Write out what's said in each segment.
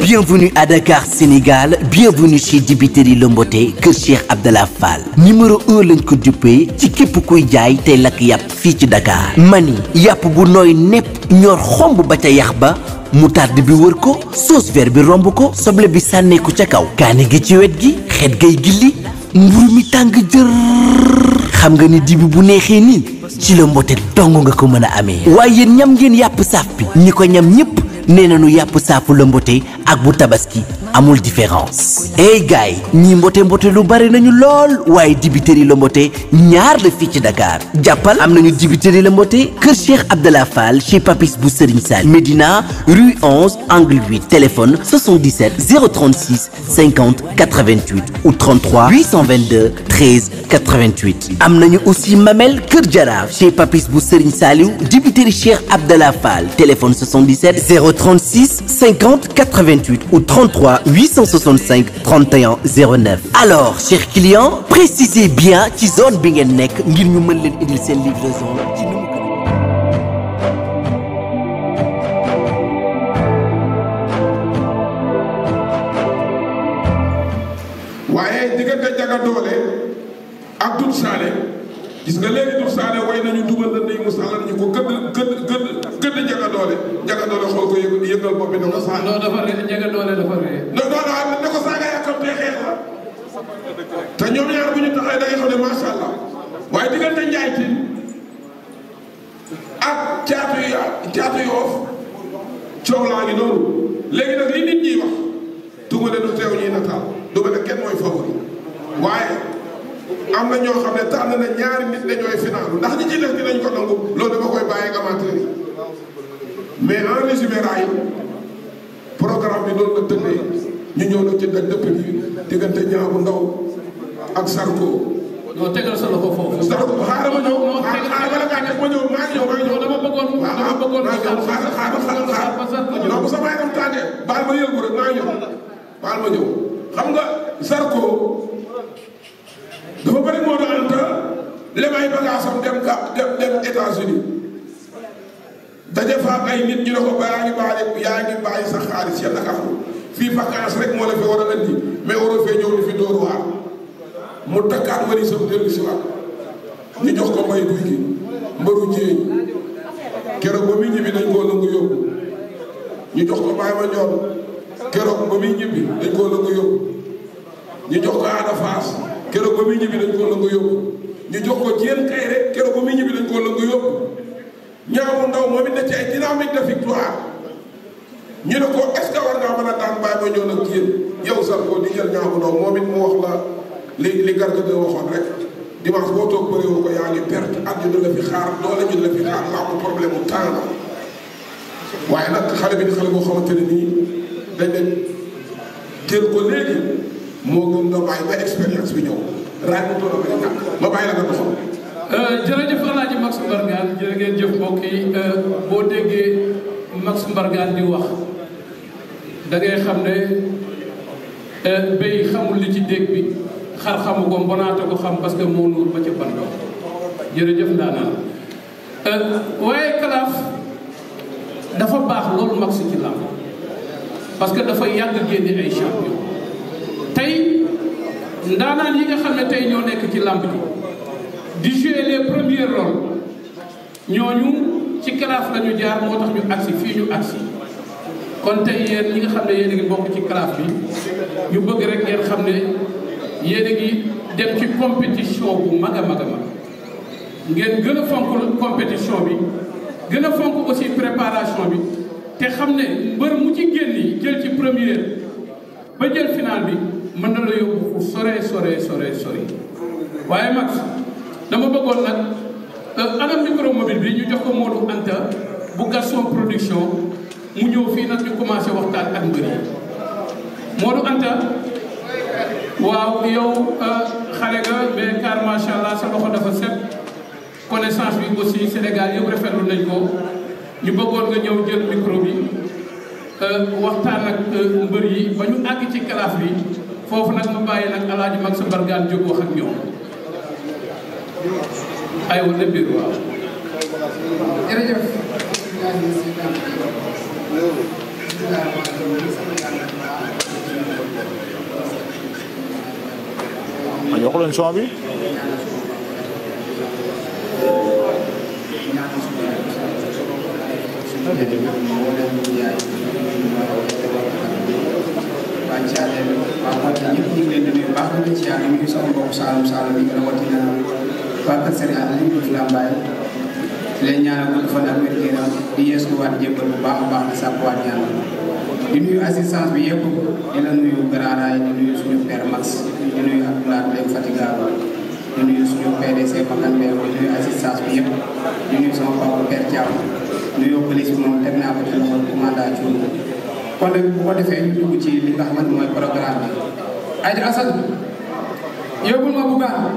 Bienvenue à Dakar Sénégal bienvenue chez Dibiteri Lomboté kër Cheikh Abdallah Fall numéro un lañ ko duppee ci képp kuy jaay tey lakk yàpp fii ci Dakar mani yàpp bu nooy nepp ñor xomb ba ca yax ba moutarde bi wër ko sauce vert bi romb ko soble bi sànnee ko ca kaw kaani gi ci wet gi xet gay gilli mburu mi tàng jër xam nga ni dibi bu neexee nii ci la mbote nga ko mën a amee waaye yéen ñam ngeen yàpp saaf bi ñi ko ñam ñëpp nee na nañu yàpp saafu la mbote ak bu tabaski amul différence ey eh, gaay ñi mbote mbote lu bari nañu lool waaye dibiteri la mbote ñaar la fii ci Dakar jàppal am nañu dibiteri la mbote kër Cheikh Abdallah Fall chez Papis bu Serigne Sall Médina rue 11 angle 8 téléphone 77 036 50 88 ou 33 822 13 88 am nañu aussi Mamel Kër Jaraaf chez Papis bu Serigne Saliou dibiteri Cheikh Abdallah Fall téléphone 77 036 50 88 ou 33 865 31 09 alors chers clients précisez bien ci zone bi ngeen nekk ngir ñu mën leen indil seen livraison ci nu waaye diggante jaga doole ak dut saale gis nga léegi doole njaga doole xool ko yëngal bopp bi ne ko saaga. non dafa ree njaga doole dafa ree. non non non ne ko saaga yàkkam te xeex la te bu ñu taxawee da ngay xam ne macha allah waaye diggante Njaay Tine ak caatu ya caatu yoof coow laa ngi noonu léegi nag li nit ñi wax tugale de teew ñuy nataal du ne kenn mooy favori waaye am na ñoo xam ne tànn na ñaari nit ñooy finaalu ndax ñi ci def dinañ ko nangu loolu dama koy bàyyi amateur yi mais en résumé raay programme bi doon la tëddee ñu ñëw nag ci daj dëpp bi diggante ñaabu ndaw ak Sarko. non tegal sa loxo foofu. Sarko xaaral ma ñëw xaaral ma ngaa def ma ñëw maa ngi ñëw maa ngi ñëw. dama bëggoon dama bëggoon xaaral xaaral xaaral xaaral. non bu sa bàyyi am tànnee baal ma yëngu rek maa ñëw baal ma ñëw xam nga Sarko dafa bëri moo doon Anta lebay bagaasam dem ga dem dem États-Unis daje faam ay nit ñu ne ko yaa ngi baale yaa sa xaalis yàlla nga xam fii vacance rek moo la fi war a andi mais waroo fee ñëw fi dóor waar mu takkaat wari sam dellu si waat ñu jox ko may guy gi mbaru jéey keroog ba muy ñibbi dañ koo nangu yóbbu ñu jox ko maay ma ñoom keroog ba muy ñibbi yóbbu ñu jox ko aada faas keroog ba muy ñibbi dañ koo nangu yóbbu ko jéen kay rek keroog yóbbu ñaxamu ndaw moo it na ci ay dynamique de victoire ñu ne ko est ce que war ngaa mën a daan bàyyi ma ñëw nag ci yéen yow Zarko di jël ñaxamu ndaw moom it mu wax la li li garga de waxoon rek dimanche boo toog bëree woo ko yaa ngi perte àddina fi xaar doole ñu la fi xaar la am problème mu waaye nag xale bi di xale boo xamante ne nii dañ leen jël ko léegi moo gën nga bàyyi ba expérience bi ñëw raadu tool ba ñàkk ma bàyyi a nga doxal. Euh, jërëjëf alaaji Max Mbargane ngeen jëf mbokk euh, boo déggee Max Mbargane di wax da euh, parce que moo nuur ba ndaanaan waaye kalaaf dafa baax loolu Max ci làmb parce que dafa yàgg génne ay champion tey ndaanaan yi nga xam ne tey ñoo nekk ci làmb ji di jouer les premiers rôles ñooñu ci CRAF la ñu jaar moo tax ñu agsi fii ñu agsi kon tey yéen ñi nga xam ne yéen a bokk ci CRAF bi ñu bëgg rek ngeen xam ne yéen a ngi dem ci compétition bu mag a mag a mag ngeen gën fonk compétition bi gën a fonk aussi préparation bi te xam ne mbër mu ci génn jël ci première ba jël final bi mën na la yóbbu fu sore sore sore sore waaye Max dama bëggoon nag euh, ana micromobile bi ñu jox ko Modou Anta bu Gaston production mu ñëw fii nag ñu commencé waxtaan ak mbër yi Modou Anta waaw yow euh, xale nga mais car macha allah sa loxo dafa set connaissance bi aussi Sénégal yëpp rafetlu nañ ko ñu bëggoon nga ñëw jël micro bi euh, waxtaan ak mbër yi ba ñu àgg ci kalaaf bi foofu nag ma bàyyi nag alaaji mag sa mbargaan jóg wax ak ñoom aywa na biir waaw. bi. waa kër Serigne Aliou Diouf Lambaye leen ñaanal gudd fan ak wér gu yaram di yeesuwaat jébbal bu baax a baax di sàkkuwaat ñaan di nuyu assistance bi yëpp di la nuyu garaaraay di nuyu suñu père Max di nuyu Abdoulaye Blay Fatigaaro di nuyu suñu PDC Makan Mbéy di moom kon nag bu ko defee ñu dugg ci li nga xamante mooy programme bi. Aja Assane yóbbul ma bugaan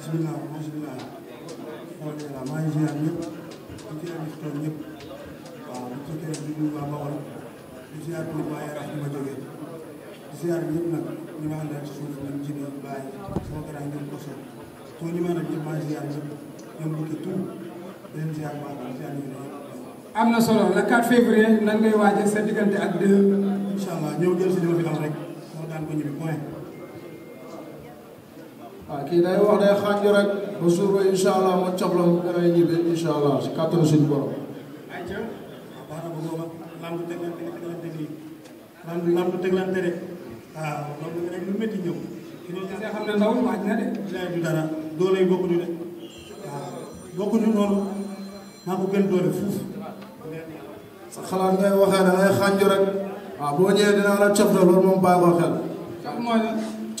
bisimilah bisimilah moo dee la maa ngi ziar ñëpp di ci am tool ñëpp waaw di ci kër di nuyu waa Bawol di ziar pour waa Yarax bi ma jógee di nag ñu ma àndal ci suuf ñoom Jibi Baye sama grand ñoom Koso soo ñu ma nag ñëpp maa ngi ziar ñëpp ñoom bëgg tout benn ziar baax am na solo le 4 février nan ngay waajal sa diggante ak deux. incha allah ñëw jël si li rek moo daan ko ñibbi point. waaw kii day wax day xaaj rek ba suur ba incha ma cob la mu demee ñibbi incha si kàttanu na bu booba lamb teglante nga xam ne ndaw waaj na de. doole yi bokkuñu de waaw bokkuñu noonu maa ko gën doole fuuf. sa xalaat ngay waxee da ngay xaaj rek. waaw boo ñëwee dinaa la cob de loolu moom bàyyi ko xel.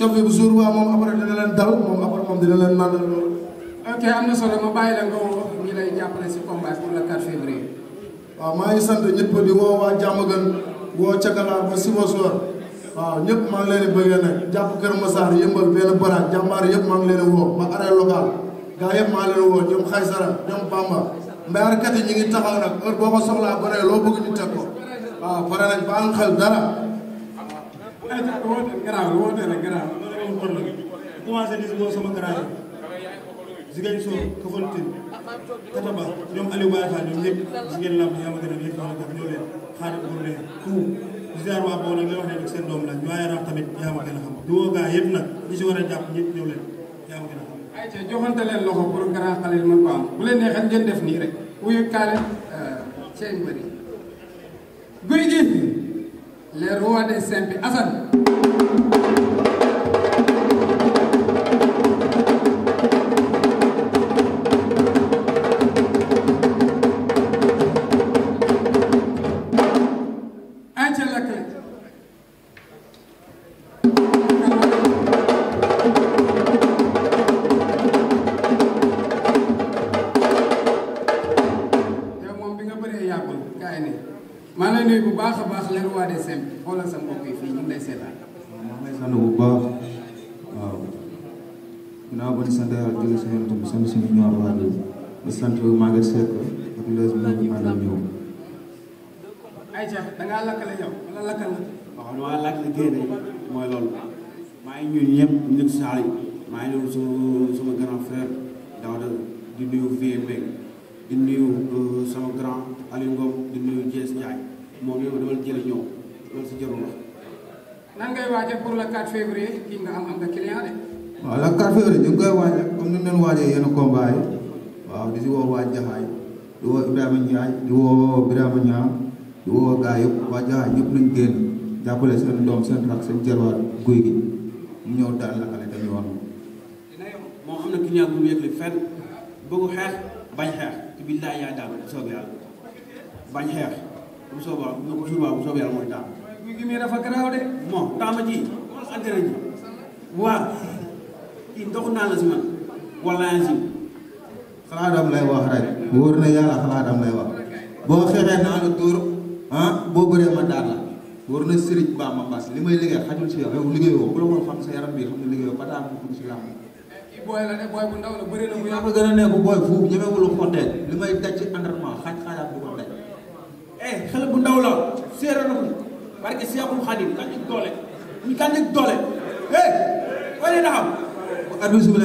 cof bi bu suur waa moom après dina leen dal moom après moom dina leen màndal loolu. ok am na solo ma bàyyi la nga wax ñi lay maa ngi sant ñëpp di woo waa Diamaguène woo Cakala ma Sibassor waaw ñëpp maa ngi leen di bëggee nag jàpp Kër Massar yëmbal benn baraag jàmbaar yëpp maa ngi leen di woo ba arrêt local gaa yëpp maa ngi leen di woo ñoom Xaysara ñoom Bamba mbaarkat yi ñu ngi taxaw nag heure boo ko soxlaa ba loo bëgg ñu teg ko waaw ba am xel dara. woote garaaw woote la garaaw loolu la bu commencé di si sama garaaw Ziguinne Sow Kafountine Kataba ñoom Aliou Baye Fall ñoom ñëpp jigéen làmb yaa ma gën a nekk wax dëgg ñoo leen xaaral pour leen tout di ziar waa boobu nag li wax ne nag seen doom la ñu waaye raaf tamit yaa ma gën a xam di woo gaa yëpp nag ñi si war a jàpp ñëpp ñëw leen yaa ma gën a xam. ayca joxante leen loxo pour grand xale mën ko am bu leen neexee ngeen def nii rek wuyu kaale seen bëri guy gi. les rois des Simpi Assane di sant Maguette Seck maa doon ñëw. ayca da la. waaw waaw lakk liggéey de mooy loolu. maa ngi ñun ñëpp ñun saa yi maa ngi nuyu sama grand frère Daouda di nuyu VMB di nuyu euh, grand Aliou Ngom di nuyu moom yow dama la ñëw loolu si jarul wax. nan pour le 4 février kii nga am nga client de. waaw le 4 février ñu ngi koy waajal comme yenn combat waaw di si woo waa Jaxaay di woo Ibrahima Ndiaye di woo Birama gaa yëpp waa Jaxaay ñëpp nañ génn jàppale seen doom seen rak seen jarwaat guy gi mu ñëw daal la xale dañu wax moo ndox naa la si man wala si xalaatam lay wax rek wóor na yàlla xalaatam lay wax boo xeexee naa la dóor ah boo bëree ma daal la wóor na sëriñ baa ma bas li may liggéey xajul si yow yow liggéeyoo bu la woon xam ne liggéeyoo la ne na mu yaa a nekk booy fuuf ñemewul xotteeg li eh, séeréer eh,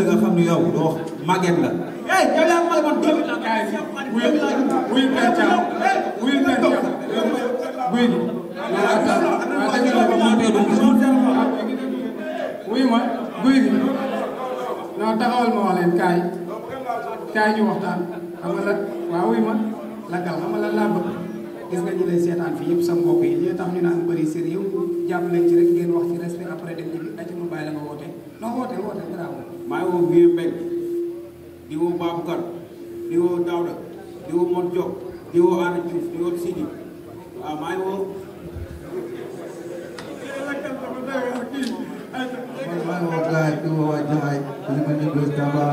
nga xam ne yow doo màgget la yow yaa ma man doomi laa kaay si wuyu wuyu Père Thiam wuyu Père Thiam wuyu ma guy gi wax leen kaay kaay ñu waxtaan xam nga la waaw wuyu ma la gal xam nga lan laa bëgg gis ñu lay seetaan fii yëpp sa mbokk ñu naan bëri sérieux jàpp leen ci rek ngeen wax ci respect après dem ñu aci ma bàyyi la nga woote non woote woote bravo maa ngi woo Vieux Mbengue di woo Babacar di woo Daouda di woo Modou Diop di ah, woo Anna Diouf di woo Sidi waaw woo. maa woo gars di woo waa Jaxaay di mel ni Bés Tamba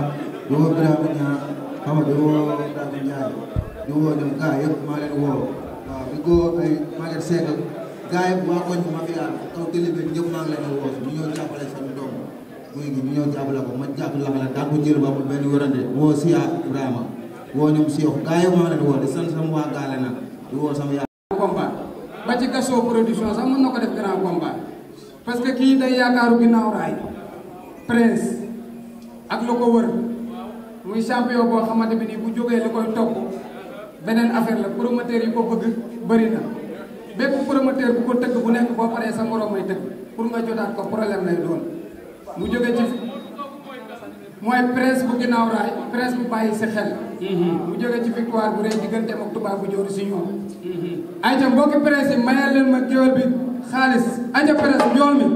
di woo Birame Niang xam di woo Dame Ndiaye di woo ñoom gars yëpp maa leen woo waaw di ko ay maa leen seetal koñ ma fi ànd kaw Kelle bi ñëpp maa ngi leen di woo ñu ñëw jàppale guy gi ñu ñëw ko ma jàppale la daan ko jël ba amul benn werante woo Sia Ibrahima woo ñoom Sioux gaa yi ma leen woo di sant sama waa na di woo sama yaay. combat ba ci gasoo production sax mën na ko def grand combat parce que kii day yaakaaru ginnaaw raay prince ak lu ko wër muy champion boo xamante bi nii bu jógee li koy topp beneen affaire la promoteur yi ko bëgg bëri na bépp promoteur bu ko tëgg bu nekk boo paree sa morom may tëgg pour nga jotaat ko problème lay doon. mu jóge ci mooy presse bu ginnaaw raay presse bu bàyyi si mm-hmm. mu jóge ci victoire bu rëy diggante ak tubaab bu jóoru si ñoom mm-hmm. ayca mbokki presse yi mayal leen ma géwél bi xaalis ayca presse njool mi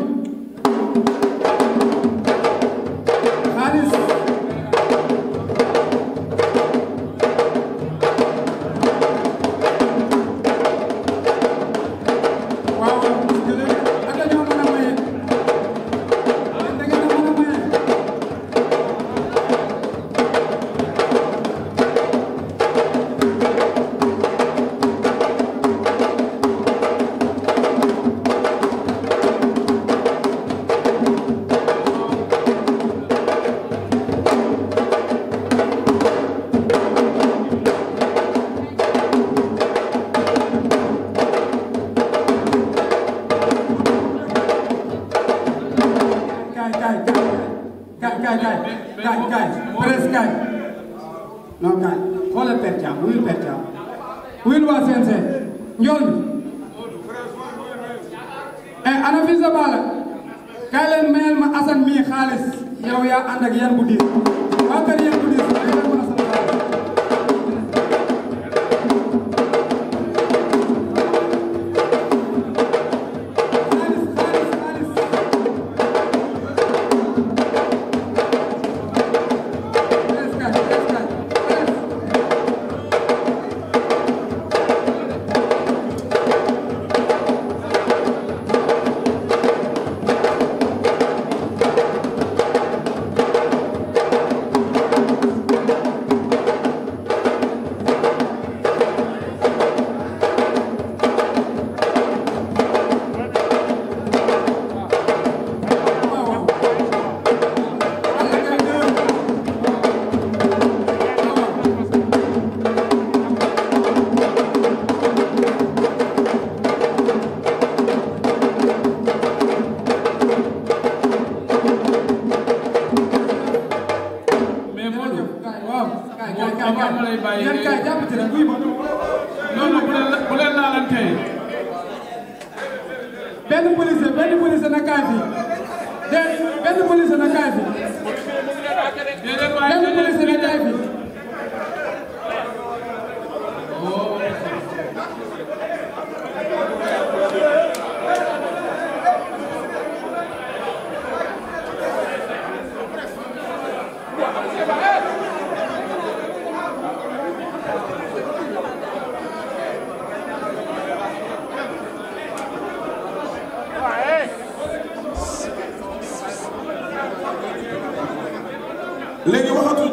ana Fils de Balla kaay leen mayal ma Assane mii xaalis yow yaa ànd ak yan bu diis waa kër yan bu diis lay bàyyi ngeen kaay jàpp ci rek buy ma loolu bu leen benn policier benn policier na kaay benn policier na léegi waxatu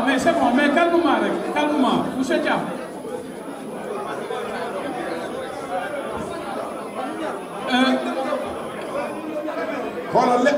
waaw mais c'est bon mais calmement rek calmement monsieur Thiam. Euh, xoolal